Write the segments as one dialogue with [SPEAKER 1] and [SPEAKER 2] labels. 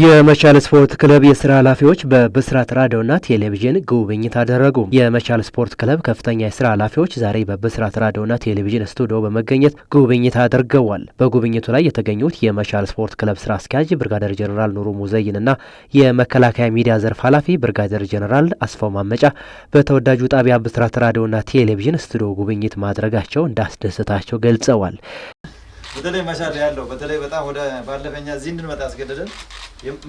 [SPEAKER 1] የመቻል ስፖርት ክለብ የስራ ኃላፊዎች በብስራት ራዲዮና ቴሌቪዥን ጉብኝት አደረጉ። የመቻል ስፖርት ክለብ ከፍተኛ የስራ ኃላፊዎች ዛሬ በብስራት ራዲዮና ቴሌቪዥን ስቱዲዮ በመገኘት ጉብኝት አድርገዋል። በጉብኝቱ ላይ የተገኙት የመቻል ስፖርት ክለብ ስራ አስኪያጅ ብርጋደር ጀኔራል ኑሩ ሙዘይንና የመከላከያ ሚዲያ ዘርፍ ኃላፊ ብርጋደር ጀኔራል አስፋው ማመጫ በተወዳጁ ጣቢያ ብስራት ራዲዮና ቴሌቪዥን ስቱዲዮ ጉብኝት ማድረጋቸው እንዳስደሰታቸው ገልጸዋል።
[SPEAKER 2] በተለይ መቻል ያለው በተለይ በጣም ወደ ባለፈኛ እዚህ እንድንመጣ ያስገደደን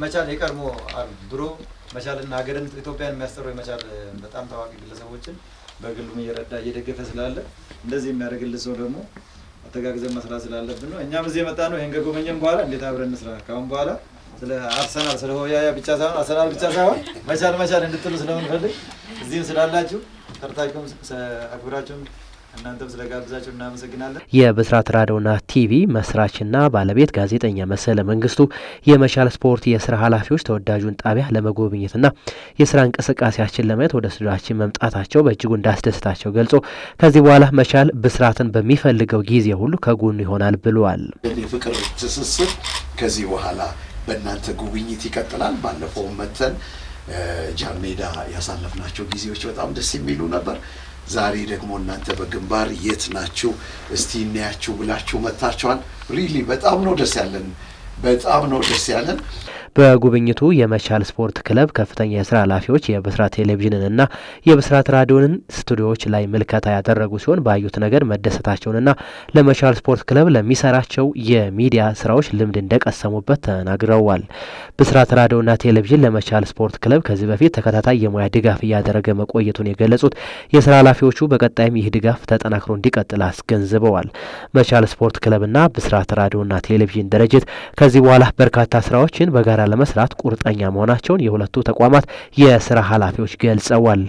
[SPEAKER 2] መቻል የቀድሞ ድሮ መቻልና ሀገርን ኢትዮጵያን የሚያስጠሩ የመቻል በጣም ታዋቂ ግለሰቦችን በግሉም እየረዳ እየደገፈ ስላለ እንደዚህ የሚያደርግልን ሰው ደግሞ አተጋግዘን መስራት ስላለብን ነው። እኛም እዚህ የመጣ ነው። ይህን ከጎበኘን በኋላ እንዴት አብረን እንስራ፣ ካሁን በኋላ ስለ አርሰናል ስለ ሆያያ ብቻ ሳይሆን አርሰናል ብቻ ሳይሆን መቻል መቻል እንድትሉ ስለምንፈልግ እዚህም ስላላችሁ ተርታችሁም አክብራችሁም እናንተም ስለጋብዛችሁ እናመሰግናለን።
[SPEAKER 1] የብስራት ራዲዮና ቲቪ መስራችና ባለቤት ጋዜጠኛ መሰለ መንግስቱ የመቻል ስፖርት የስራ ኃላፊዎች ተወዳጁን ጣቢያ ለመጎብኘትና የስራ እንቅስቃሴያችን ለማየት ወደ ስቱዲዮችን መምጣታቸው በእጅጉ እንዳስደስታቸው ገልጾ ከዚህ በኋላ መቻል ብስራትን በሚፈልገው ጊዜ ሁሉ ከጎኑ ይሆናል ብለዋል።
[SPEAKER 3] የፍቅር ትስስር ከዚህ በኋላ በእናንተ ጉብኝት ይቀጥላል። ባለፈው መተን ጃሜዳ ያሳለፍናቸው ጊዜዎች በጣም ደስ የሚሉ ነበር። ዛሬ ደግሞ እናንተ በግንባር የት ናችሁ እስቲ እናያችሁ ብላችሁ መታቸዋል ሪሊ በጣም ነው ደስ ያለን፣ በጣም ነው ደስ ያለን።
[SPEAKER 1] በጉብኝቱ የመቻል ስፖርት ክለብ ከፍተኛ የስራ ኃላፊዎች የብስራት ቴሌቪዥንንና የብስራት ራዲዮንን ስቱዲዮዎች ላይ ምልከታ ያደረጉ ሲሆን ባዩት ነገር መደሰታቸውንና ለመቻል ስፖርት ክለብ ለሚሰራቸው የሚዲያ ስራዎች ልምድ እንደቀሰሙበት ተናግረዋል። ብስራት ራዲዮና ቴሌቪዥን ለመቻል ስፖርት ክለብ ከዚህ በፊት ተከታታይ የሙያ ድጋፍ እያደረገ መቆየቱን የገለጹት የስራ ኃላፊዎቹ በቀጣይም ይህ ድጋፍ ተጠናክሮ እንዲቀጥል አስገንዝበዋል። መቻል ስፖርት ክለብና ብስራት ራዲዮና ቴሌቪዥን ድርጅት ከዚህ በኋላ በርካታ ስራዎችን በጋራ ለመስራት ቁርጠኛ መሆናቸውን የሁለቱ ተቋማት የስራ ኃላፊዎች ገልጸዋል።